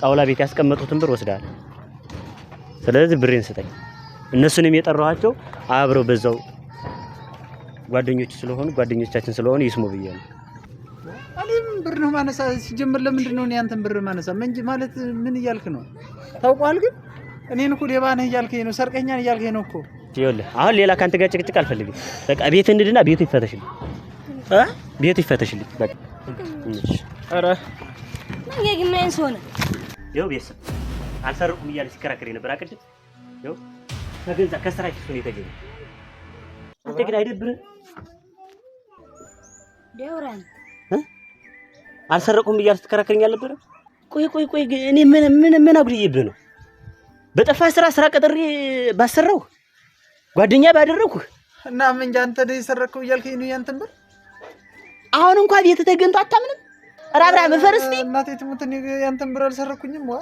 ጣውላ ቤት ያስቀመጡትን ብር ወስደሃል። ስለዚህ ብሬን ስጠኝ። እነሱንም የጠራኋቸው አብረው በዛው ጓደኞች ስለሆኑ ጓደኞቻችን ስለሆኑ ይስሙ ብዬ ነው። እኔም ብር ነው ማነሳ ሲጀምር፣ ለምንድን ነው ያንተን ብር ማነሳ? መንጂ ማለት ምን እያልክ ነው? ታውቀዋል። ግን እኔን እኮ ሌባ ነህ እያልከኝ ነው፣ ሰርቀኛን እያልከኝ ነው እኮ። ይኸውልህ አሁን ሌላ ካንተ ጋር ጭቅጭቅ አልፈልግም። በቃ ቤት እንድና ቤቱ ይፈተሽልኝ፣ ቤቱ ይፈተሽልኝ። በቃ ኧረ ሆነ ይኸው ቤተሰብ አልሰረቁም እያለ ሲከራከር የነበር አቅድም ይኸው ከገንዛ ከስራ ኪሱ ነው የተገኘ። አንተ ግን አይደብርህም? ደውራን አልሰረቁም እያለ ስትከራከርኝ አልነበረም? ቆይ ቆይ ቆይ እኔ ምን ምን ምን አጉድዬብህ ነው? በጠፋ ስራ ስራ ቀጥሬ ባሰራው ጓደኛ ባደረኩህ እና ምን አንተ ሰረቅከው እያልከኝ ነው ያንተን ብር አሁን እንኳን ቤት ተገኝቶ አታምንም ራብራ መፈርስቲ እፈር እስኪ እናቴ ትሙት ያንተን ብር አልሰረኩኝም። ዋ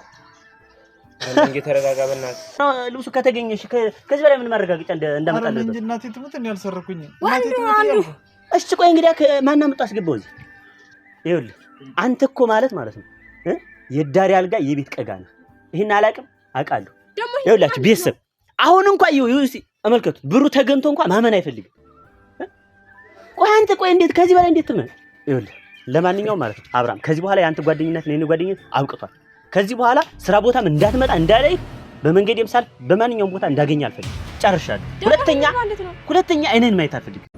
እንዴ ተረጋጋ፣ በእናትህ ልብሱ ከተገኘሽ ከዚህ በላይ ምን ማረጋገጫ እንዳመጣለህ እንጂ እናቴ ትሙት እኔ አልሰረኩኝም። እሺ ቆይ እንግዲህ ማናምጡ መጣ አስገባው እዚህ። ይኸውልህ አንተ እኮ ማለት ማለት ነው የዳሪ አልጋ የቤት ቀጋ ነው። ይሄን አላውቅም አውቃለሁ። ይኸውላችሁ ቤተሰብ አሁን እንኳን ይኸው እስኪ አመልከቱ ብሩ ተገኝቶ እንኳን ማመን አይፈልግም። ቆይ አንተ ቆይ እንዴት ከዚህ በላይ እንዴት ትመን ይኸውልህ ለማንኛውም ማለት ነው አብርሃም ከዚህ በኋላ የአንተ ጓደኝነት ነው ጓደኝነት አብቅቷል። ከዚህ በኋላ ስራ ቦታም እንዳትመጣ እንዳላይ በመንገድ የምሳል በማንኛውም ቦታ እንዳገኝ አልፈልግም። ጨርሻለሁ። ሁለተኛ ሁለተኛ አይነን ማየት አልፈልግም።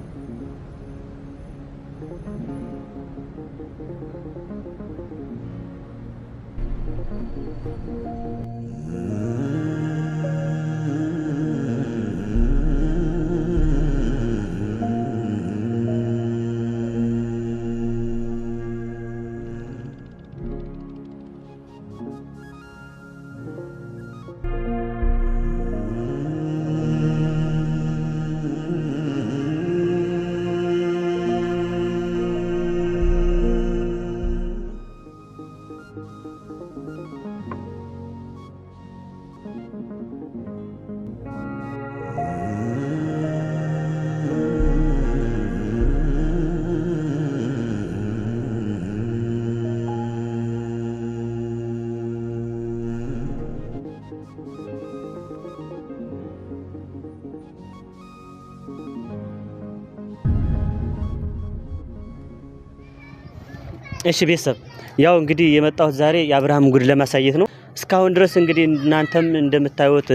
እሺ ቤተሰብ ያው እንግዲህ የመጣሁት ዛሬ የአብርሃም ጉድ ለማሳየት ነው። እስካሁን ድረስ እንግዲህ እናንተም እንደምታዩት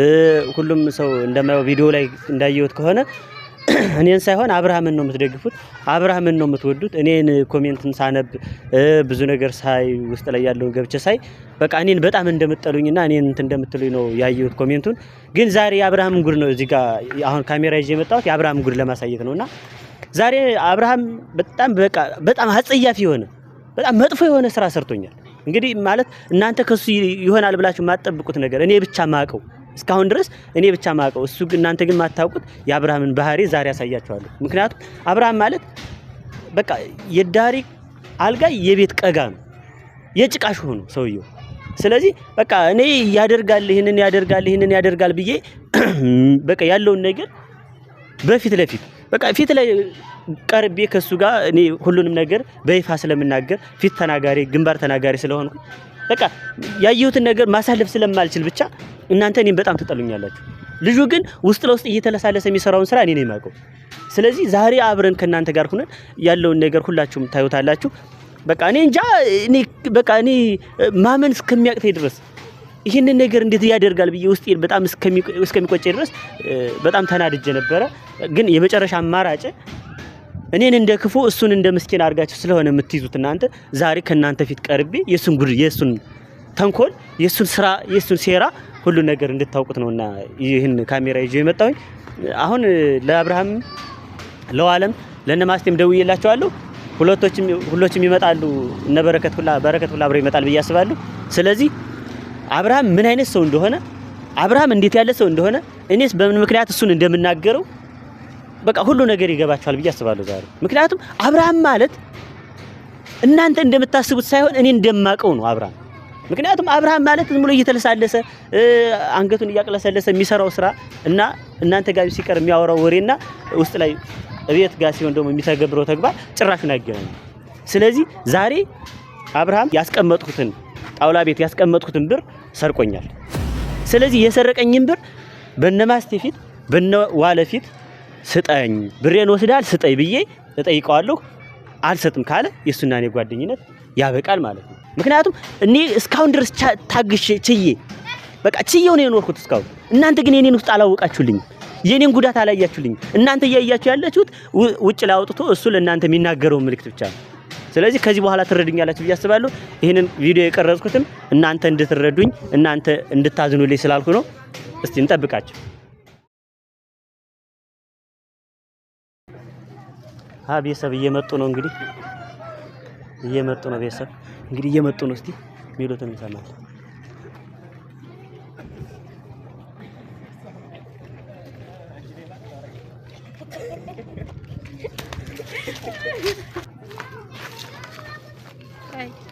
ሁሉም ሰው እንደማየው ቪዲዮ ላይ እንዳየሁት ከሆነ እኔን ሳይሆን አብርሃምን ነው የምትደግፉት፣ አብርሃምን ነው የምትወዱት። እኔን ኮሜንትን ሳነብ ብዙ ነገር ሳይ ውስጥ ላይ ያለውን ገብቼ ሳይ በቃ እኔን በጣም እንደምጠሉኝና እኔን እንትን እንደምትሉኝ ነው ያየሁት ኮሜንቱን። ግን ዛሬ የአብርሃም ጉድ ነው እዚህ ጋር አሁን ካሜራ ይዤ የመጣሁት የአብርሃም ጉድ ለማሳየት ነው እና ዛሬ አብርሃም በጣም በቃ በጣም አጸያፊ የሆነ በጣም መጥፎ የሆነ ስራ ሰርቶኛል። እንግዲህ ማለት እናንተ ከሱ ይሆናል ብላችሁ የማትጠብቁት ነገር እኔ ብቻ ማቀው እስካሁን ድረስ እኔ ብቻ ማቀው እሱ እናንተ ግን ማታውቁት የአብርሃምን ባህሪ ዛሬ ያሳያቸዋለሁ። ምክንያቱም አብርሃም ማለት በቃ የዳሪ አልጋ የቤት ቀጋ ነው፣ የጭቃሽ ሆኖ ሰውየው። ስለዚህ በቃ እኔ ያደርጋል ይህንን ያደርጋል ይህንን ያደርጋል ብዬ በቃ ያለውን ነገር በፊት ለፊት በቃ ፊት ላይ ቀርቤ ከሱ ጋር እኔ ሁሉንም ነገር በይፋ ስለምናገር ፊት ተናጋሪ ግንባር ተናጋሪ ስለሆንኩ በቃ ያየሁትን ነገር ማሳለፍ ስለማልችል ብቻ እናንተ እኔም በጣም ትጠሉኛላችሁ። ልጁ ግን ውስጥ ለውስጥ እየተለሳለሰ የሚሰራውን ስራ እኔ ነው የማውቀው። ስለዚህ ዛሬ አብረን ከእናንተ ጋር ሁነን ያለውን ነገር ሁላችሁም ታዩታላችሁ። በቃ እኔ እንጃ እኔ በቃ እኔ ማመን እስከሚያቅተኝ ድረስ ይህንን ነገር እንዴት ያደርጋል ብዬ ውስጤን በጣም እስከሚቆጨ ድረስ በጣም ተናድጀ ነበረ። ግን የመጨረሻ አማራጭ እኔን እንደ ክፉ እሱን እንደ ምስኪን አድርጋችሁ ስለሆነ የምትይዙት እናንተ ዛሬ ከእናንተ ፊት ቀርቤ የእሱን ጉድ የእሱን ተንኮል የእሱን ስራ የእሱን ሴራ ሁሉ ነገር እንድታውቁት እና ይህን ካሜራ ይዤ የመጣሁኝ። አሁን ለአብርሃም ለዋለም ለነማስቴም ደውዬላቸዋለሁ። ሁለቶችም ሁሎችም ይመጣሉ። እነ በረከት ሁላ በረከት ሁላ አብረው ይመጣል ብዬ አስባለሁ። ስለዚህ አብርሃም ምን አይነት ሰው እንደሆነ አብርሃም እንዴት ያለ ሰው እንደሆነ እኔስ በምን ምክንያት እሱን እንደምናገረው በቃ ሁሉ ነገር ይገባቸዋል ብዬ አስባለሁ ዛሬ። ምክንያቱም አብርሃም ማለት እናንተ እንደምታስቡት ሳይሆን እኔ እንደማቀው ነው አብርሃም። ምክንያቱም አብርሃም ማለት ዝም ብሎ እየተለሳለሰ አንገቱን እያቅለሰለሰ የሚሰራው ስራ እና እናንተ ጋር ሲቀር የሚያወራው ወሬና ውስጥ ላይ እቤት ጋር ሲሆን ደግሞ የሚተገብረው ተግባር ጭራሹን አይገናኝም። ስለዚህ ዛሬ አብርሃም ያስቀመጥኩትን ጣውላ ቤት ያስቀመጥኩትን ብር ሰርቆኛል። ስለዚህ የሰረቀኝን ብር በነማስቴ ፊት በነ ዋለ ፊት ስጠኝ፣ ብሬን ወስዳል ስጠኝ ብዬ እጠይቀዋለሁ። አልሰጥም ካለ የእሱና እኔ ጓደኝነት ያበቃል ማለት ነው። ምክንያቱም እኔ እስካሁን ድረስ ታግሼ ችዬ በቃ ችዬው ነው የኖርኩት እስካሁን። እናንተ ግን የኔን ውስጥ አላወቃችሁልኝም፣ የኔን ጉዳት አላያችሁልኝም። እናንተ እያያችሁ ያላችሁት ውጭ ላይ አውጥቶ እሱ ለእናንተ የሚናገረውን ምልክት ብቻ ነው። ስለዚህ ከዚህ በኋላ ትረዱኛላችሁ ብዬ አስባለሁ። ይህንን ቪዲዮ የቀረጽኩትም እናንተ እንድትረዱኝ እናንተ እንድታዝኑልኝ ስላልኩ ነው። እስቲ እንጠብቃቸው። አ ቤተሰብ እየመጡ ነው እንግዲህ እየመጡ ነው። ቤተሰብ እንግዲህ እየመጡ ነው። እስቲ ሚሉትን እንሰማለን።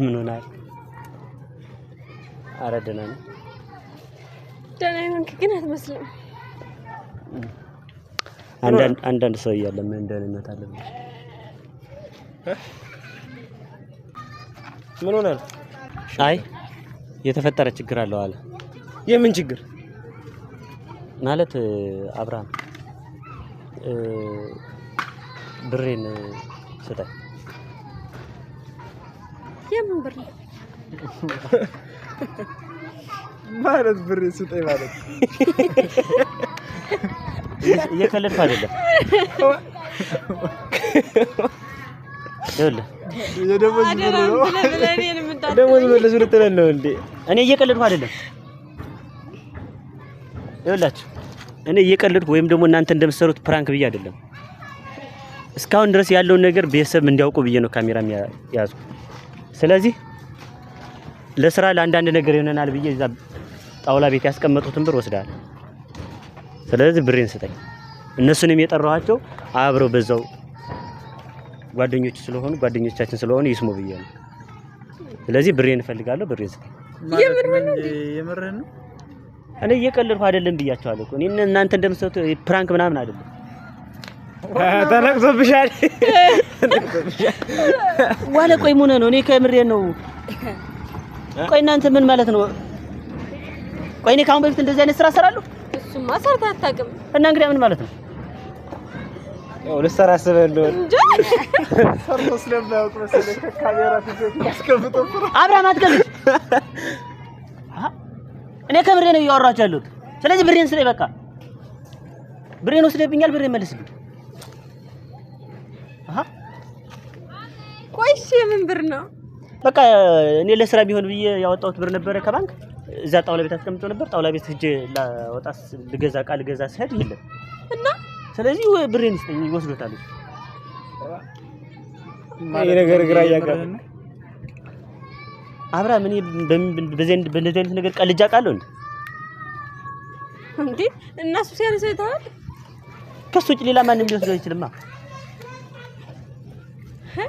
ምን ሆናል? አረ ደህና ነኝ። ደህና ግን አትመስልም። አንዳንድ ሰው እያለ ምን ደህንነት ምን ሆናል? አይ የተፈጠረ ችግር አለው አለ። የምን ችግር ማለት? አብርሃም ብሬን ስጠኝ ብር ማለት ብር ስጠኝ ማለት እየቀለድኩ አይደለም። ደሞዝ መለሱ ልትለን ነው እንዴ? እኔ እየቀለድኩ አይደለም። ይኸውላችሁ እኔ እየቀለድኩ ወይም ደግሞ እናንተ እንደምትሰሩት ፕራንክ ብዬ አይደለም። እስካሁን ድረስ ያለውን ነገር ቤተሰብ እንዲያውቁ ብዬ ነው ካሜራ ያዝኩ። ስለዚህ ለስራ ለአንዳንድ ነገር ይሆነናል ብዬ እዛ ጣውላ ቤት ያስቀመጡትን ብር ወስዳል። ስለዚህ ብሬን ስጠኝ። እነሱንም የጠራኋቸው አብረው በዛው ጓደኞች ስለሆኑ ጓደኞቻችን ስለሆኑ ይስሙ ብዬ ነው። ስለዚህ ብሬን እፈልጋለሁ፣ ብሬን ስጠኝ። እኔ እየቀለድኩ አይደለም ብያቸዋለሁ። እኔ እናንተ እንደምትሰጡት ፕራንክ ምናምን አይደለም። ተነቅቶብሻል። ዋለ ቆይ ሙነ ነው። እኔ ከምሬ ነው። ቆይ እናንተ ምን ማለት ነው? ቆይ እኔ ከአሁን በፊት እንደዚህ አይነት ስራ እሰራለሁ? እሱማ ሰርታ አታውቅም። እና እንግዲያ ምን ማለት ነው? ያው ልሰራ አስበህ አብርሃም እኔ ከምሬ ነው እያወራኋቸው ያለሁት። ስለዚህ ብሬን ስለይ በቃ። ብሬን ወስደብኛል፣ ብሬን መልስልኝ። ቆይሽ ምን ብር ነው? በቃ እኔ ለስራ ቢሆን ብዬ ያወጣሁት ብር ነበረ ከባንክ እዛ ጣውላ ቤት አስቀምጦ ነበር። ጣውላ ቤት ሂጅ ላወጣስ ልገዛ ቃል ልገዛ ስሄድ የለም እና ስለዚህ ብሬን ይስጠኝ ይወስዶታል። ይሄ ነገር ግራ እያጋባኝ አብራ እኔ በዚህ አይነት ነገር ቀልጃ ቃለሁ እንዴ? እንዴ እና እሱ ሲያነሳ ይተዋል። ከሱ ውጭ ሌላ ማንም ሊወስደው አይችልማ።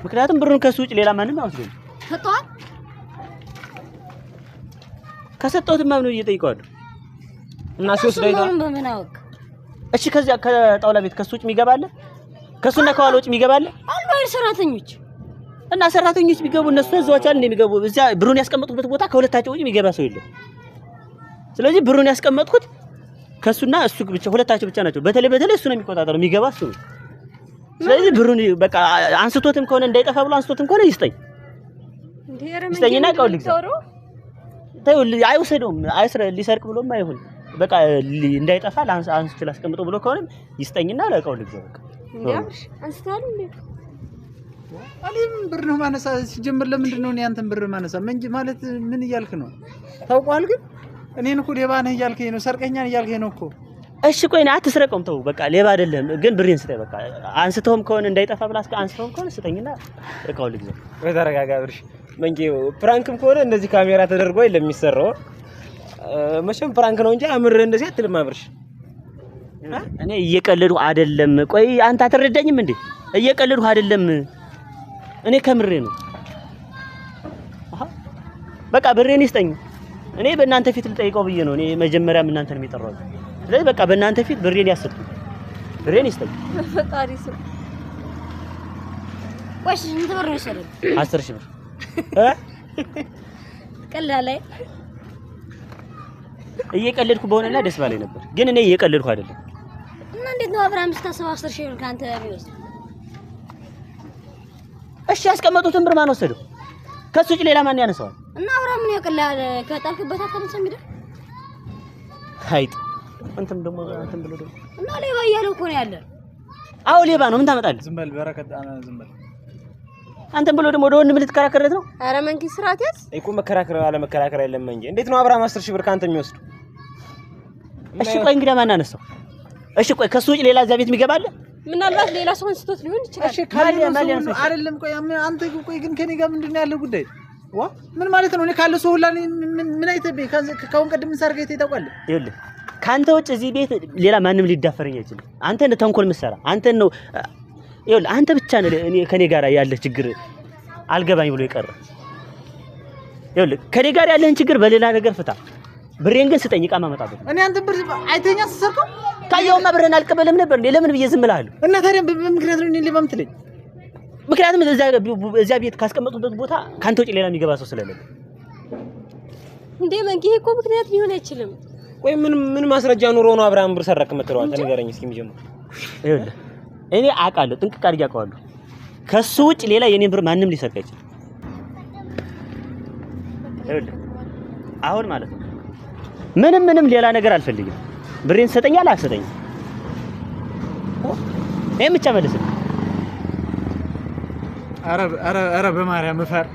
ምክንያቱም ብሩን ከሱ ውጭ ሌላ ማንም አውስደኝ ሰጠዋል። ከሰጠሁት ማምኑ እየጠይቀዋለሁ እና ሲወስደው ይታል። እሺ ከዚያ ከጣውላ ቤት ከሱ ውጭ የሚገባለ ከሱና ከኋላ ውጭ የሚገባለ አሉ አይደል ሰራተኞች እና ሰራተኞች ቢገቡ እነሱ ተዘዋቻል እንደሚገቡ እዚያ ብሩን ያስቀመጡበት ቦታ ከሁለታቸው ውጭ የሚገባ ሰው የለም። ስለዚህ ብሩን ያስቀመጥኩት ከሱና እሱ ብቻ ሁለታቸው ብቻ ናቸው። በተለይ በተለይ እሱ ነው የሚቆጣጠረው፣ የሚገባ እሱ ነው። ስለዚህ ብሩን በቃ አንስቶትም ከሆነ እንዳይጠፋ ብሎ አንስቶትም ከሆነ ይስጠኝ ይስጠኝና እቃው ልግዛ። ተይው አይወሰደውም፣ ሊሰርቅ ብሎም አይሆን በቃ እንዳይጠፋ አንስቼ ላስቀምጠው ብሎ ከሆነም ይስጠኝና ለቀው ልግዛ። በቃ እኔም ብር ነው ማነሳ ሲጀምር፣ ለምንድን ነው ያንተን ብር ማነሳ? ምን ማለት ምን እያልክ ነው? ታውቋል። ግን እኔን እኮ ሌባ ነህ እያልከኝ ነው፣ ሰርቀኛን እያልከኝ ነው እኮ እሺ ቆይ ና አትስረቀውም፣ ተው በቃ ሌባ አይደለም። ግን ብሬን ስጠኝ በቃ። አንስተውም ከሆነ እንዳይጠፋ ብላ አንስተውም ከሆነ ስጠኝና እቃውን ልግዛ። በተረጋጋ ብርሽ መንጌ። ፕራንክም ከሆነ እንደዚህ ካሜራ ተደርጎ አይደለም የሚሰራው። መቼም ፕራንክ ነው እንጂ አምር እንደዚህ አትልማ ብርሽ። እኔ እየቀለድኩ አይደለም። ቆይ አንተ አትረዳኝም እንዴ? እየቀለድኩ አይደለም። እኔ ከምሬ ነው። በቃ ብሬን ይስጠኝ። እኔ በእናንተ ፊት ልጠይቀው ብዬ ነው። እኔ መጀመሪያም እናንተን የሚጠራው ስለዚህ በቃ በእናንተ ፊት ብሬን ያስጥኩ ብሬን ይስጠኝ። ፈጣሪ ሰው ወሽ እንት ብር ይሰራል። አስር ሺህ ብር እ ቀላል እየቀለድኩ በሆነና ደስ ባለኝ ነበር፣ ግን እኔ እየቀለድኩ አይደለም። እና እንዴት ነው አብርሃም ስታስብ አስር ሺህ ብር ካንተ ቢወስድ? እሺ ያስቀመጡትን ብር ማን ወሰደው? ከሱ ውጭ ሌላ ማን ያነሳዋል? እና አውራ ምን ያቀላል? ከጣልክበት አታነሳም አይደል? አይጥ እንትም ደሞ እንትም ብሎ ደሞ እና ሌባ እያለ እኮ ነው ያለ። አዎ ሌባ ነው። ምን ታመጣለህ? ዝም በል በረከት። ዝም በል አንተም ብሎ ደግሞ ወደ ወንድም ልትከራከርለት ነው። አረ መንኪ ስርዓት ያዝ እኮ። መከራከር አለ መከራከር የለም እንጂ እንዴት ነው አብርሃም አስር ሺህ ብር ከአንተ የሚወስዱ? እሺ ቆይ እንግዲህ ማን አነሳው? እሺ ቆይ ከሱ ውጭ ሌላ እዚያ ቤት የሚገባ አለ? ምናልባት ሌላ ሰው አንስቶት ሊሆን ይችላል። እሺ አይደለም። ቆይ አንተ ቆይ ግን ከኔ ጋር ምንድን ነው ያለ ጉዳይ? ምን ማለት ነው? እኔ ካለ ሰው ሁላ ምን አይተቤ ከአሁን ቀደም ሳርገህ ታውቃለህ? ይኸውልህ ከአንተ ውጭ እዚህ ቤት ሌላ ማንም ሊዳፈረኝ አይችልም። አንተ እንደ ተንኮል ምሰራ አንተ ነው ይኸውልህ፣ አንተ ብቻ ነው እኔ ከኔ ጋር ያለ ችግር አልገባኝ ብሎ የቀረ ይኸውልህ፣ ከኔ ጋር ያለህን ችግር በሌላ ነገር ፍታ። ብሬን ግን ስጠኝ፣ ዕቃ ማመጣበት። እኔ አንተ ብር አይተኛ ስትሰርቀው ካየውማ ብርህን አልቀበልም ነበር እንዴ? ለምን ብዬ ዝም እልሃለሁ? እና ታዲያ ምክንያት ነው እኔ ሌባ የምትለኝ? ምክንያቱም እዚያ ቤት ካስቀመጡበት ቦታ ከአንተ ውጭ ሌላ የሚገባ ሰው ስለሌለ እንዴ። መንጌ እኮ ምክንያት ሊሆን አይችልም። ቆይ ምን ምን ማስረጃ ኑሮ ነው አብርሃም ብር ሰረክ የምትለዋል? ተነገረኝ እስኪ የሚጀምር ይኸውልህ፣ እኔ አውቃለሁ፣ ጥንቅቅ አድርጌ አውቃለሁ። ከሱ ውጭ ሌላ የኔ ብር ማንም ሊሰርቅ አይችልም። ይኸውልህ አሁን ማለት ነው ምንም ምንም ሌላ ነገር አልፈልግም። ብሬን ትሰጠኛለህ አትሰጠኝም? ይሄን ብቻ መልስ አረ አረ አረ በማርያም እፈር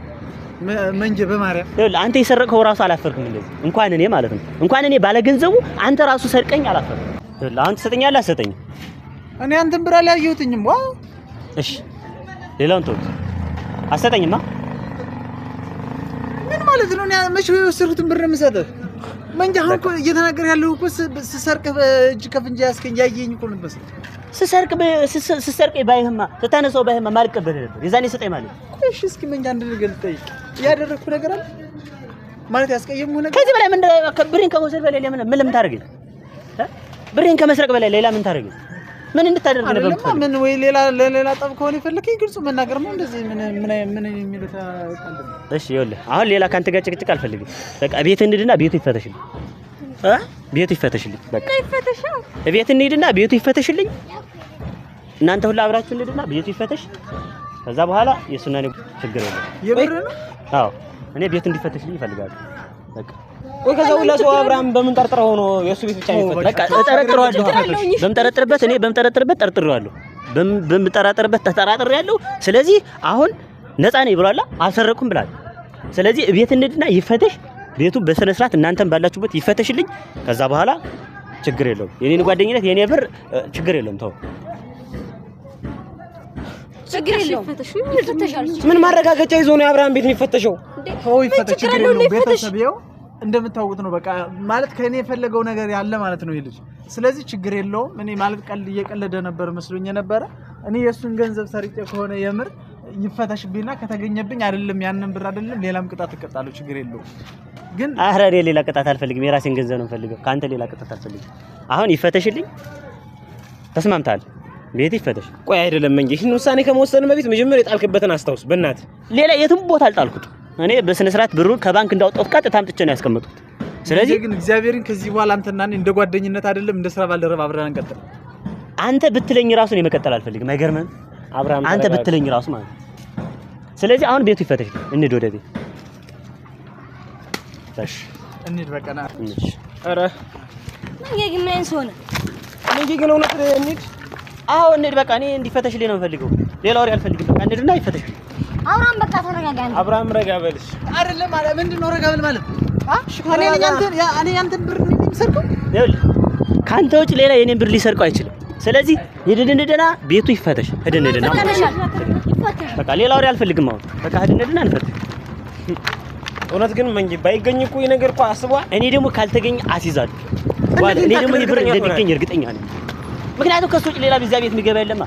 መንጀ በማርያም አንተ የሰረቀው ራሱ አላፈርክም። እንደዚህ እንኳን እኔ ማለት ነው እንኳን እኔ ባለገንዘቡ አንተ ራሱ ሰርቀኝ አላፈርክም። አንተ ትሰጠኛለህ አትሰጠኝም? እኔ አንተን ብር አላየሁትኝም። ዋ እሺ፣ ሌላውን ተውት። አትሰጠኝማ ምን ማለት ነው? እኔ መቼ የወሰድኩትን ብር የምሰጥህ መንጃ አሁን እኮ እየተናገር ያለው እኮ ስሰርቅ እጅ ከፍንጃ ያስገኝ ያየኝ እኮ ልበስ ስሰርቅ ስሰርቅ ባይህማ ስታነሳው ባይህማ ማልቀበል ነበር። የዛኔ ስጠኝ ማለት እሺ። እስኪ መንጃ አንድ ነገር ልጠይቅ፣ ያደረግኩ ነገር አለ ማለት ያስቀየምኩ ነገር ከዚህ በላይ ምን ብሬን ከመውሰድ በላይ ምን ምን ታደርገኝ? ብሬን ከመስረቅ በላይ ሌላ ምን ታደርገኝ? ምን እንድታደርግ ነው? ነበር? ምን ወይ ሌላ ለሌላ ጠብ ከሆነ የፈለከኝ ግልጹ መናገር ነው። እንደዚህ ምን ምን ምን የሚሉት እሺ፣ ይኸውልህ አሁን ሌላ ካንተ ጋር ጭቅጭቅ አልፈልግም። በቃ ቤት እንሂድና ቤቱ ይፈተሽልኝ እ ቤቱ ይፈተሽልኝ። በቃ ይፈተሽው። ቤት እንሂድና ቤቱ ይፈተሽልኝ። እናንተ ሁላ አብራችሁ እንሂድና ቤቱ ይፈተሽ። ከዛ በኋላ የሱና ችግር የለም። የብር ነው። አዎ እኔ ቤቱ እንዲፈተሽልኝ ይፈልጋሉ። በቃ ወይ ከዛ ሁላ ሰው አብርሃም በምንጠርጥረው ነው የእሱ ቤት ብቻ ነው። በቃ እጠረጥረዋለሁ። በምጠረጥርበት እኔ በምጠረጥርበት ጠርጥረዋለሁ። በምጠራጠርበት ተጠራጥሬያለሁ። ስለዚህ አሁን ነፃ ነኝ ብሏላ አልሰረኩም ብላል። ስለዚህ ቤት እንድና ይፈተሽ ቤቱ በስነ ስርዓት እናንተም ባላችሁበት ይፈተሽልኝ። ከዛ በኋላ ችግር የለውም። የኔን ጓደኝነት የኔ ብር ችግር የለውም። ተው ምን ማረጋገጫ ይዞ ነው የአብርሃም ቤት የሚፈተሸው? ተው ይፈተሽ፣ ችግር የለውም። ቤተሰብ ይኸው እንደምታውቁት ነው። በቃ ማለት ከእኔ የፈለገው ነገር ያለ ማለት ነው ልጅ። ስለዚህ ችግር የለውም። እኔ ማለት ቀልድ እየቀለደ ነበር መስሎኝ የነበረ እኔ የእሱን ገንዘብ ሰርቄ ከሆነ የምር ይፈተሽብኝና ከተገኘብኝ አይደለም ያንን ብር አይደለም ሌላም ቅጣት እቀጣለሁ። ችግር የለውም። ግን ኧረ እኔ ሌላ ቅጣት አልፈልግም። የራሴን ገንዘብ ነው የምፈልገው። ከአንተ ሌላ ቅጣት አልፈልግም። አሁን ይፈተሽልኝ። ተስማምታል። ቤት ይፈተሽ። ቆይ አይደለም እንጂ ይህን ውሳኔ ከመወሰን በፊት መጀመሪያ የጣልክበትን አስታውስ። በእናት ሌላ የትም ቦታ አልጣልኩት። እኔ በስነ ስርዓት ብሩን ከባንክ እንዳወጣሁት ቀጥታ አምጥቼ ነው ያስቀመጡት። ስለዚህ ግን እግዚአብሔርን ከዚህ በኋላ አንተና እኔ እንደ ጓደኝነት አይደለም እንደ ስራ ባልደረብ አብረን እንቀጥል። አንተ ብትለኝ ራሱ እኔ መቀጠል አልፈልግም። አይገርምህም? አብርሃም አንተ ብትለኝ ራሱ ማለት ነው። ስለዚህ አሁን ቤቱ ይፈተሽ፣ እንሂድ ወደ ቤት። እሺ እንሂድ፣ በቃ ና። እሺ ኧረ ምን አይነት ሰው ነው? እንዴ ግን እንሂድ አዎ እንሂድ። በቃ እኔ እንዲፈተሽልኝ ነው የምፈልገው። ሌላ ወሬ አልፈልግም። በቃ እንሂድና ይፈተሽ አብርሃም በቃ ተረጋጋ። አብርሃም ረጋ በልሽ። አይደለም ማለት ምንድን ነው ረጋ በል ማለት? እኔ ያንተን ብር የሚሰርቀው ከአንተ ውጭ ሌላ የኔን ብር ሊሰርቀው አይችልም። ስለዚህ ሂድንድና ቤቱ ይፈተሽ። ሂድንድና በቃ ሌላ ወሬ አልፈልግም። አሁን በቃ ሂድንድና እንፈተሽ። እውነት ግን መንጂ ባይገኝ እኮ ይሄ ነገር እኮ አስቧ። እኔ ደግሞ ካልተገኘ አስይዛለሁ። እኔ ደግሞ ይህ ብር እንደሚገኝ እርግጠኛ ነኝ። ምክንያቱም ከሱ ውጭ ሌላ በዚያ ቤት የሚገባ የለማ።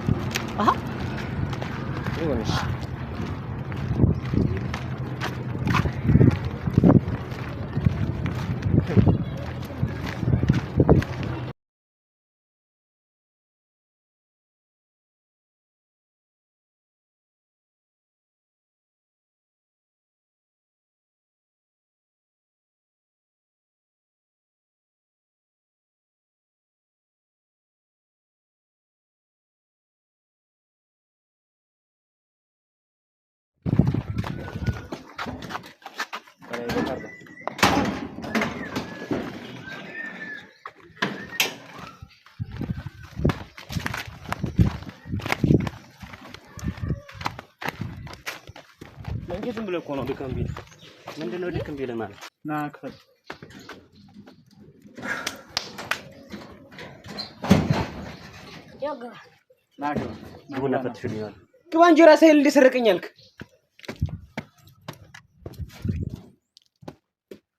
ዝም ብሎ እኮ ነው ድክም ቢል ምንድን ነው ድክም ቢል ማለት ና ክፈል ግባ እንጂ እራስህን እንዲሰርቅኝ አልክ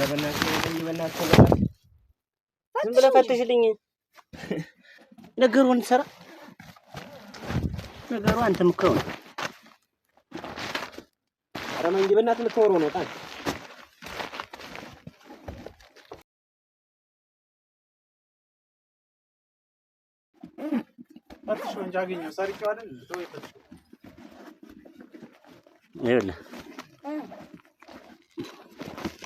ዝም ብለህ ፈትሽልኝ። ነገሩ እንሰራ ነገሩ አንተ ምክረው ነው። ኧረ መንጌ በእናትህ ልትወረው ነው ጣን ፈትሽ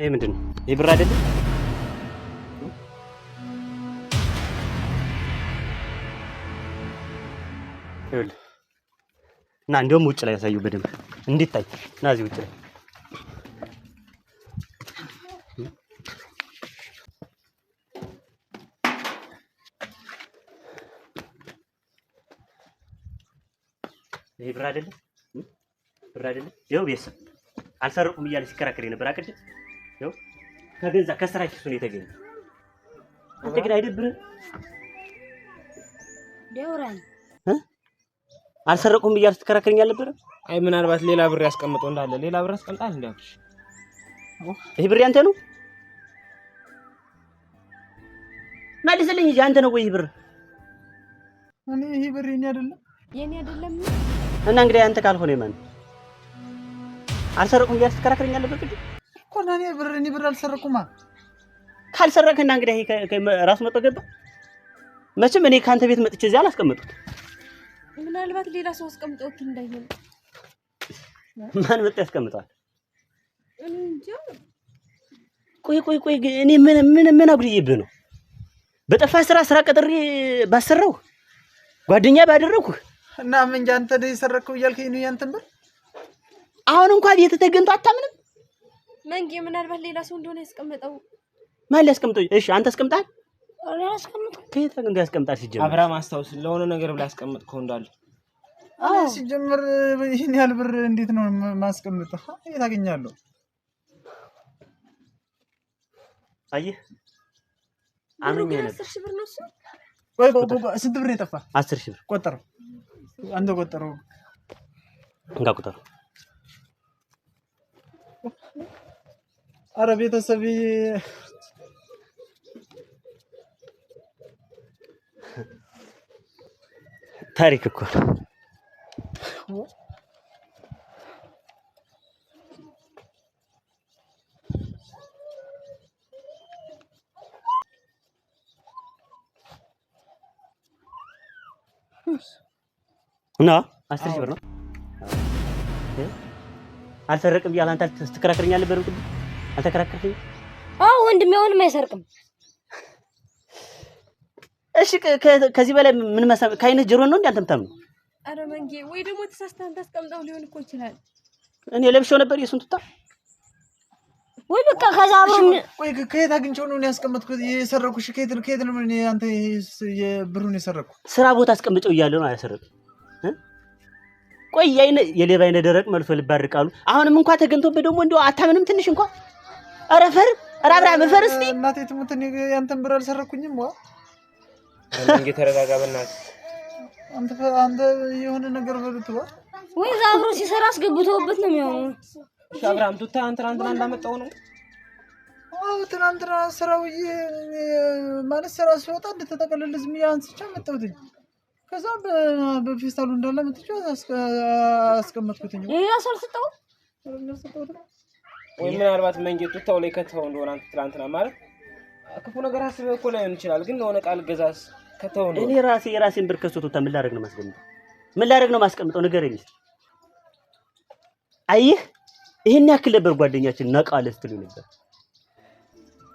ይሄ ምንድን ነው? ይሄ ብር አይደለም? ይኸውልህ እና እንደውም ውጭ ላይ ያሳዩ በደንብ እንዲታይ እና እዚህ ውጭ ላይ ይሄ ብር አይደለም፣ ብር አይደለም። ይኸው ቤተሰብ አልሰርቁም እያለ ሲከራከር የነበረ አቅድም ከገንዛ ከስራ ኪሱ ነው የተገኘ። አንተ ግን አይደብርም? ደውራኝ አልሰረቁም ብያለሁ ስትከራከረኝ አልነበረ? አይ ምናልባት ሌላ ብር ያስቀምጠው እንዳለ ሌላ ብር ያስቀምጣል። እንዲያውሽ ይሄ ብር ያንተ ነው? መልስልኝ እንጂ አንተ ነው ወይ ይህ ብር? እኔ ይሄ ብር የኔ አይደለም የኔ አይደለም። እና እንግዲህ አንተ ካልሆነ ማን አልሰረቁም ብያለሁ ስትከራከረኝ አልነበረ? እኮና እኔ ብር እኔ ብር አልሰረኩማ። ካልሰረክና እንግዲህ ራሱ መጥቶ ገባ። መቼም እኔ ከአንተ ቤት መጥቼ እዚህ አላስቀምጡት። ምናልባት ሌላ ሰው አስቀምጦት እንዳይሆን ማን መጣ ያስቀምጠዋል? ቆይ ቆይ ቆይ፣ እኔ ምን ምን ምን አጉድዬብህ ነው? በጠፋ ስራ ስራ ቀጥሬ ባሰራው ጓደኛ ባደረኩህ እና ምን ጃንተ ደይ ሰረከው እያልከኝ ነው ያንተን ብር። አሁን እንኳን ቤት ተገንጦ አታምንም መንጌ ምናልባት ሌላ ሰው እንደሆነ ያስቀመጠው ማን ሊያስቀምጠው? እሺ አንተ አስቀምጣል? ከየት እንደ ያስቀምጣል? ሲጀምር አብርሃም አስታውስ፣ ለሆነ ነገር ብላ ያስቀምጥከው እንዳለ ሲጀምር፣ ይህን ያህል ብር እንዴት ነው ማስቀምጠው? የት አገኛለሁ? አየህ አምኜ ነበር። ስንት ብር የጠፋ? አስር ሺህ ብር ቆጠረው። አንተ ቆጠረው፣ እንካ ቁጠረው አረ ቤተሰብ ታሪክ እኮ እና አስር ሺህ ብር ነው። አልሰረቅም ብያለሁ። አንተ ትከራከረኛለህ በርብቅ አልተከራከርሽም? አዎ ወንድሜ አሁንም አይሰርቅም። እሺ ከዚህ በላይ ምን መሰብ ከአይነት ጆሮ ነው እንዴ አንተ የምታምነው? አረ መንጌ ወይ ደግሞ ተሳስተን ታስቀምጠው ሊሆን እኮ ይችላል። እኔ ለብሼው ነበር የሱን ቱታ ወይ በቃ ከዛ አብሮ ወይ ከየት አግኝቼው ነው ያስቀመጥኩት የሰረኩሽ? ከየት ነው ከየት ነው አንተ የብሩን የሰረኩ? ስራ ቦታ አስቀምጨው እያለሁ ነው አላሰረኩም። ቆይ የሌባ አይነ ደረቅ መልሶ ልባርቃሉ። አሁንም እንኳ ተገኝቶበት ደግሞ እንደው አታምንም ትንሽ እንኳን ኧረ ፈር ኧረ ፈር እስኪ እናቴ ትሙት ያንተን ብር አልሰረኩኝም። ዋ እንዴ ተረጋጋ፣ በእናትህ አንተ አንተ የሆነ ነገር በሉት። ዋ ወይ ዛብሮ ሲሰራ አስገብተውበት ነው የሚሆነው። አብርሃም ቱታ ትናንትና እንዳመጣው ነው። አዎ ትናንትና ስራውዬ ማለት ስራ ሲወጣ እንደተጠቀለለ ዝም ብዬ አንስቼ አመጣሁትኝ። ከዛ በፌስታሉ እንዳለ መጥቼ አስቀመጥኩትኝ። ይሄ ሰው አልሰጠውም ወይ ምናልባት መንጀቱ ተው ላይ ከተው እንደሆነ አንተ ትላንትና ማለት ክፉ ነገር አስበህ እኮ ላይሆን ይችላል፣ ግን ለሆነ ቃል ገዛስ ከተው ነው። እኔ ራሴ የራሴን ብር ከሶ ምን ላደርግ ነው ማስቀምጠው? ምን ላደርግ ነው ማስቀምጠው? ንገረኝ። አየህ ይህን ያክል ነበር ጓደኛችን ነቃ ለስትሉ ነበር።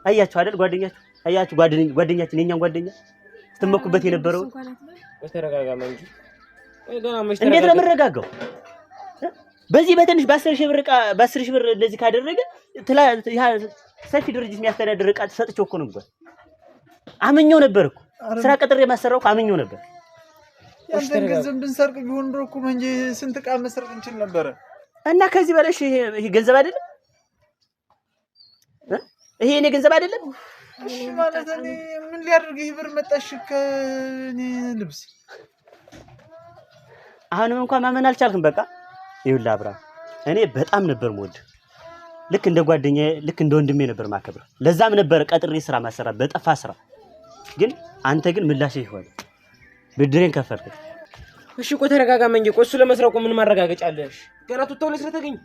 አያችሁ አይደል? ጓደኛችሁ አያችሁ ጓደኛችን የኛን ጓደኛ ስትመኩበት የነበረው። በተረጋጋ መንጌ፣ እንዴት ነው የምረጋጋው? በዚህ በትንሽ በአስር ሺህ ብር ዕቃ በአስር ሺህ ብር እንደዚህ ካደረገ ሰፊ ድርጅት የሚያስተዳድር ዕቃ ተሰጥቼው እኮ ነው እንኳን አመኘው ነበር እኮ ስራ ቀጥሬ የማሰራው እኮ አመኘው ነበር። ያንተን ገንዘብ ብንሰርቅ ቢሆን ድሮ እኮ እንጂ ስንት ዕቃ መስረቅ እንችል ነበረ። እና ከዚህ በላይ ይሄ ገንዘብ አይደለም፣ ይሄ እኔ ገንዘብ አይደለም። እሺ ማለት እኔ ምን ሊያደርግ ይህ ብር መጣሽ ከእኔ ልብስ አሁንም እንኳን ማመን አልቻልክም በቃ ይኸውልህ አብራ እኔ በጣም ነበር ሞድ ልክ እንደ ጓደኛዬ ልክ እንደ ወንድሜ ነበር ማከብር። ለዛም ነበር ቀጥሬ ስራ ማሰራት በጠፋ ስራ። ግን አንተ ግን ምላሽ ይሆን ብድሬን ከፈልኩ። እሺ ቆይ ተረጋጋ መንጂ። ቆይ እሱ ለመስረቁ ምን ማረጋገጫ አለሽ? ገና ቱታው ላይ ስለተገኘ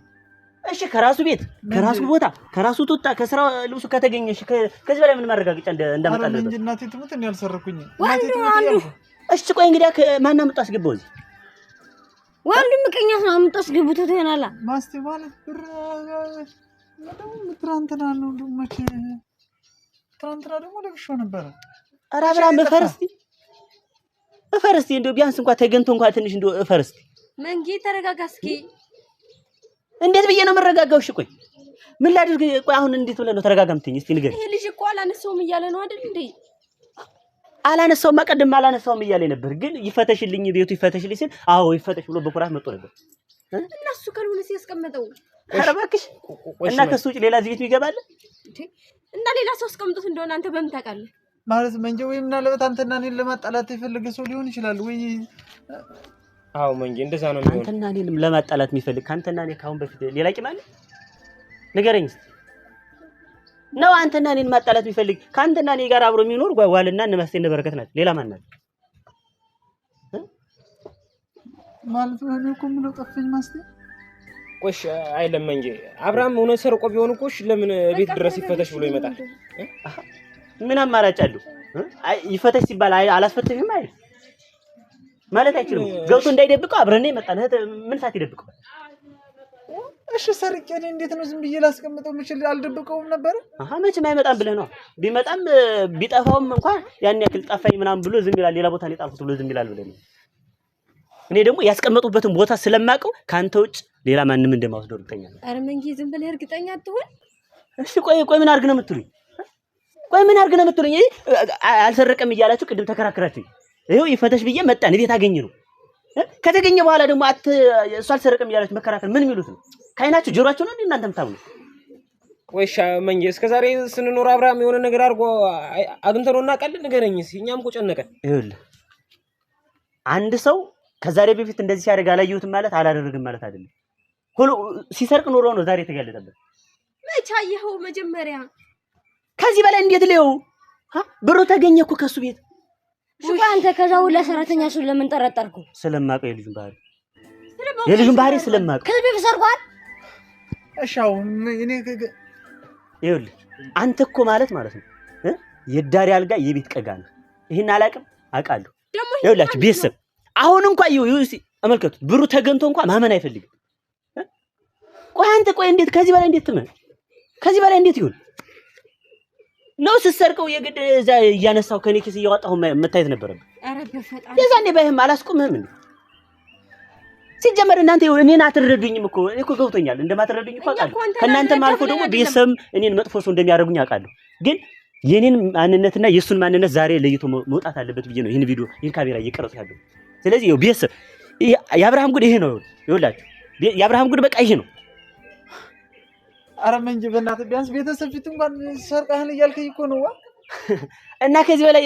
እሺ፣ ከራሱ ቤት ከራሱ ቦታ ከራሱ ቱታ ከስራ ልብሱ ከተገኘ እሺ፣ ከዚህ በላይ ምን ማረጋገጫ እንዳመጣለህ? እናቴ ትሙት እኔ አልሰረኩኝም። እሺ ቆይ እንግዲህ ማን አመጣው አስገባው እዚህ ወንድ ምቀኛት ነው አምጣስ ግቡት ተናላ ማስቲ ማለት ብር ትናንትና ነው መቼ ትናንትና ደግሞ ለብሾ ነበረ። ኧረ አብራም በፈርስቲ በፈርስቲ እንደው ቢያንስ እንኳን ተገንቶ እንኳን ትንሽ እንደው ፈርስቲ መንጊ ተረጋጋ እስኪ። እንዴት ብዬ ነው የምረጋጋው? እሺ ቆይ ምን ላድርግ? ቆይ አሁን እንዴት ብለህ ነው ተረጋጋምትኝ? እስቲ ንገሪኝ። ይሄ ልጅ እኮ አላነሳውም እያለ ነው አይደል እንዴ? አላነሳው አቀድም አላነሳውም እያለ ነበር። ግን ይፈተሽልኝ ቤቱ ይፈተሽልኝ ሲል አዎ ይፈተሽ ብሎ በኩራት መጥቶ ነበር። እና እሱ ካልሆነ ሲያስቀመጠው ኧረ እና ከሱ ውጭ ሌላ ዝቤት ይገባል እና ሌላ ሰው አስቀምጦት እንደሆነ አንተ በምን ታውቃለህ? ማለት መንጀ ወይ ምናልባት አንተና እኔን ለማጣላት የፈለገ ሰው ሊሆን ይችላል ወይ? አዎ መንጀ እንደዛ ነው የሚሆነው። አንተና እኔንም ለማጣላት የሚፈልግ ከአንተና እኔ ከአሁን በፊት ሌላ ቂም አለ? ንገረኝ እስኪ ነው አንተና እኔን ማጣላት የሚፈልግ ከአንተና እኔ ጋር አብሮ የሚኖር ጓጓልና እነ ማስቴ ናቸው። ሌላ ማን ናት ማለት ነው? እኔ እኮ የምለው ማስቴ ቆሽ አይለም እንጂ አብርሃም ሆነ ሰርቆ ቢሆን ቆሽ ለምን ቤት ድረስ ይፈተሽ ብሎ ይመጣል? ምን አማራጭ አለው? ይፈተሽ ሲባል አላስፈተሽም አይደል ማለት አይችልም። ገብቶ እንዳይደብቀው አብረን ነው የመጣን። ምን ሰዓት ይደብቀዋል? እሺ ሰርቄ እኔ እንዴት ነው ዝም ብዬ ላስቀምጠው የምችል? አልደብቀውም ነበረ። አሀ መቼም አይመጣም ብለህ ነው። ቢመጣም ቢጠፋውም እንኳን ያን ያክል ጠፋኝ ምናምን ብሎ ዝም ይላል። ሌላ ቦታ ላይ ጣልኩት ብሎ ዝም ይላል ብለህ ነው። እኔ ደግሞ ያስቀመጡበትን ቦታ ስለማውቀው ከአንተ ውጭ ሌላ ማንም እንደማወስደው እርግጠኛ ነው። ኧረ መንጌ ዝም ብለህ እርግጠኛ አትሆን። እሺ ቆይ ቆይ ምን አድርግ ነው የምትሉኝ? ቆይ ምን አድርግ ነው የምትሉኝ? አልሰረቀም እያላችሁ ቅድም ተከራከራችሁ። ይኸው ይፈተሽ ብዬ መጣን። እቤት አገኘ ነው ከተገኘ በኋላ ደግሞ እሱ አልሰረቀም እያላችሁ መከራከር ምን የሚሉት ነው? ከአይናቸው ጆሮቸው ነው እናንተ የምታምኑ? ወይሻ መኝ እስከዛሬ ስንኖር አብርሃም የሆነ ነገር አድርጎ አግኝተነው እናውቃለን? ንገረኝ እኛም እኮ ጨነቀን። ይኸውልህ አንድ ሰው ከዛሬ በፊት እንደዚህ ሲያደርግ አላየሁትም ማለት አላደረግም ማለት አይደለም። ሁሉ ሲሰርቅ ኖሮ ነው ዛሬ የተጋለጠበት። መቼ አየኸው? መጀመሪያ ከዚህ በላይ እንዴት ሊው ብሩ ተገኘ እኮ ከሱ ቤት ሽባ። አንተ ከዛ ሁላ ሰራተኛ እሱን ለምን ጠረጠርኩ? ስለማውቀው የልጁን ባህሪ የልጁን ባህሪ ስለማውቀው ከዚህ በፊት ሰርቋል ይኸውልህ አንተ እኮ ማለት ማለት ነው የዳሪ አልጋ የቤት ቀጋ ነው። ይሄን አላውቅም አውቃለሁ። ይኸውላችሁ ቤተሰብ አሁን እንኳን ይኸው እስኪ አመልከቱት ብሩ ተገንቶ እንኳን ማመን አይፈልግም። ቆይ አንተ ቆይ እንዴት ከዚህ በላይ እንዴት ትመን ከዚህ በላይ እንዴት ይሁን ነው ስትሰርቀው የግድ እያነሳው ከኔ ኪስ እያወጣሁ መታየት ነበረብህ። የዛኔ ባይህም አላስቆምህም እንዴ ሲጀመር እናንተ እኔን አትረዱኝም እኮ እኮ ገብቶኛል፣ እንደማትረዱኝ እኮ አውቃለሁ። ከእናንተም አልፎ ደግሞ ቤተሰብም እኔን መጥፎ ሰው እንደሚያደርጉኝ አውቃለሁ። ግን የኔን ማንነትና የእሱን ማንነት ዛሬ ለይቶ መውጣት አለበት ብዬ ነው ይህን ቪዲዮ ይህን ካሜራ እየቀረጽ ያለ። ስለዚህ ው ቤተሰብ የአብርሃም ጉድ ይሄ ነው። ይኸውላችሁ የአብርሃም ጉድ በቃ ይሄ ነው። ኧረ ምን እንጂ ቢያንስ ቤተሰብ ፊት እንኳን ሰርቀህን እያልከኝ እኮ ነው። እና ከዚህ በላይ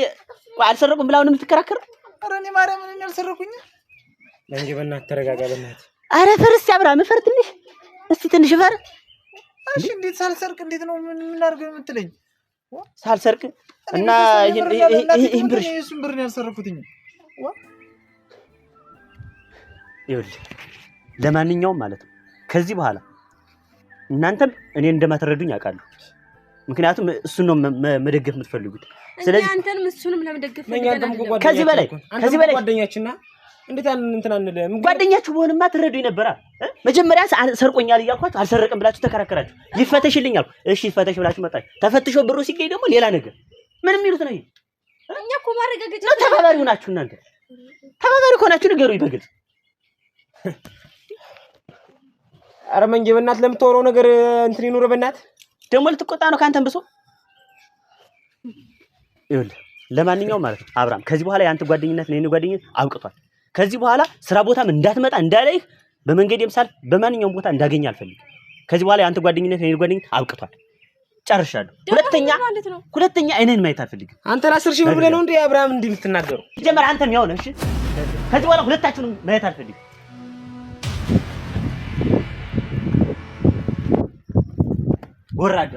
አልሰረቁም ብላ አሁን የምትከራከረው? ኧረ እኔ ማርያምን እኔ አልሰረኩኝም እንጂ በእናትህ ተረጋጋ። በእናትህ አረ ፈር እስኪ አብርሃም ፈር ትንሽ እስኪ ትንሽ ፈር። እሺ እንዴት ሳልሰርቅ እንዴት ነው ምን አድርገህ የምትለኝ? ሳልሰርቅ እና ይህን ብር እሱን ብር ነው ያልሰረኩትኝ። ይኸውልህ ለማንኛውም ማለት ነው ከዚህ በኋላ እናንተም እኔ እንደማትረዱኝ አውቃለሁ። ምክንያቱም እሱን ነው መደገፍ የምትፈልጉት። ስለዚህ አንተንም እሱንም ለመደገፍ ከዚህ በላይ ከዚህ በላይ ጓደኛችንና እንዴት ያን እንትን አንልም። ጓደኛችሁ መሆንማ ትረዱኝ ነበራ። መጀመሪያ ሰርቆኛል እያልኳችሁ አልሰረቅም ብላችሁ ተከራከራችሁ። ይፈተሽልኝ አልኩ። እሺ ይፈተሽ ብላችሁ መጣችሁ። ተፈትሾ ብሩ ሲገኝ ደግሞ ሌላ ነገር ምን የሚሉት ነው? እኛ እኮ ማረጋገጫ ነው። ተባባሪ ሆናችሁ እናንተ ተባባሪ ከሆናችሁ ንገሩኝ በግልጽ። አረ መንጌ በእናት ለምትወረው ነገር እንትን ይኑር። በእናት ደግሞ ልትቆጣ ነው ከአንተም ብሶ ይኸውልህ። ለማንኛውም ማለት ነው አብርሃም፣ ከዚህ በኋላ የአንተ ጓደኝነት ነው የእኔ ጓደኝነት አብቅቷል። ከዚህ በኋላ ስራ ቦታም እንዳትመጣ እንዳላይህ፣ በመንገዴም ሳልፍ በማንኛውም ቦታ እንዳገኝ አልፈልግም። ከዚህ በኋላ የአንተ ጓደኝነት የኔ ጓደኝነት አብቅቷል። ጨርሻለሁ። ሁለተኛ ሁለተኛ አይነን ማየት አልፈልግም። አንተን አስር ሺህ ብር ብለህ ነው እንዴ አብርሃም እንዲህ የምትናገረው? ጀመር አንተ ያው ነህ። እሺ ከዚህ በኋላ ሁለታችሁንም ማየት አልፈልግም። ወራዳ